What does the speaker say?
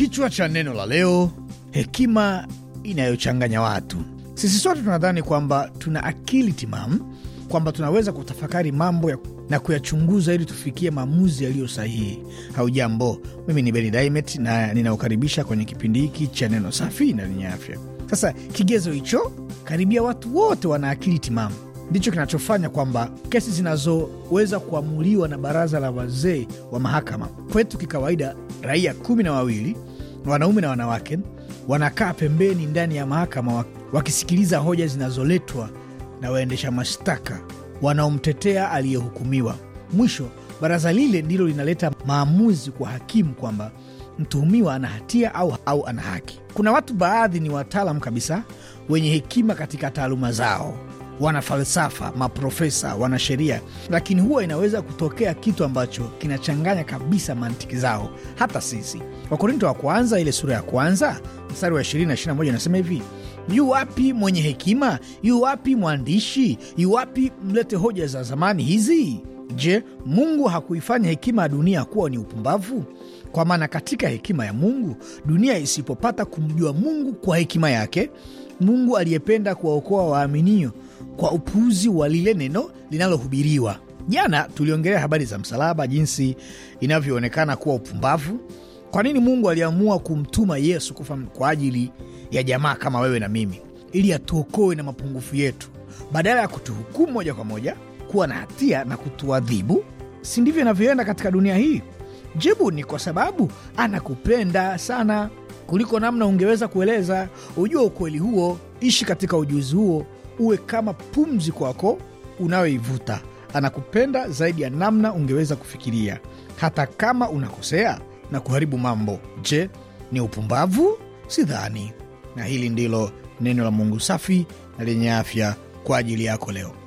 Kichwa cha neno la leo: hekima inayochanganya watu. Sisi sote tunadhani kwamba tuna akili timamu, kwamba tunaweza kutafakari mambo ya na kuyachunguza ili tufikie maamuzi yaliyo sahihi. Haujambo, mimi ni Beni Daimet na ninaokaribisha kwenye kipindi hiki cha neno safi na lenye afya. Sasa kigezo hicho, karibia watu wote wana akili timamu, ndicho kinachofanya kwamba kesi zinazoweza kuamuliwa na baraza la wazee wa mahakama kwetu kikawaida raia kumi na wawili wanaume na wanawake wanakaa pembeni ndani ya mahakama wakisikiliza hoja zinazoletwa na waendesha mashtaka wanaomtetea aliyehukumiwa. Mwisho, baraza lile ndilo linaleta maamuzi kwa hakimu kwamba mtuhumiwa ana hatia au, au ana haki. Kuna watu baadhi ni wataalam kabisa wenye hekima katika taaluma zao wanafalsafa, maprofesa, wana sheria lakini huwa inaweza kutokea kitu ambacho kinachanganya kabisa mantiki zao, hata sisi. Wakorinto wa kwanza ile sura ya kwanza mstari wa 20 na 21 inasema hivi: yu wapi mwenye hekima? Yu wapi mwandishi? Yu wapi mlete hoja za zamani hizi? Je, Mungu hakuifanya hekima ya dunia kuwa ni upumbavu? Kwa maana katika hekima ya Mungu dunia isipopata kumjua Mungu kwa hekima yake, Mungu aliyependa kuwaokoa waaminio kwa upuuzi wa lile neno linalohubiriwa. Jana tuliongelea habari za msalaba, jinsi inavyoonekana kuwa upumbavu. Kwa nini Mungu aliamua kumtuma Yesu kufa kwa ajili ya jamaa kama wewe na mimi, ili atuokoe na mapungufu yetu, badala ya kutuhukumu moja kwa moja kuwa na hatia na kutuadhibu? Si ndivyo inavyoenda katika dunia hii? Jibu ni kwa sababu anakupenda sana kuliko namna ungeweza kueleza. Ujua ukweli huo, ishi katika ujuzi huo, uwe kama pumzi kwako unayoivuta. Anakupenda zaidi ya namna ungeweza kufikiria, hata kama unakosea na kuharibu mambo. Je, ni upumbavu? Sidhani. Na hili ndilo neno la Mungu safi na lenye afya kwa ajili yako leo.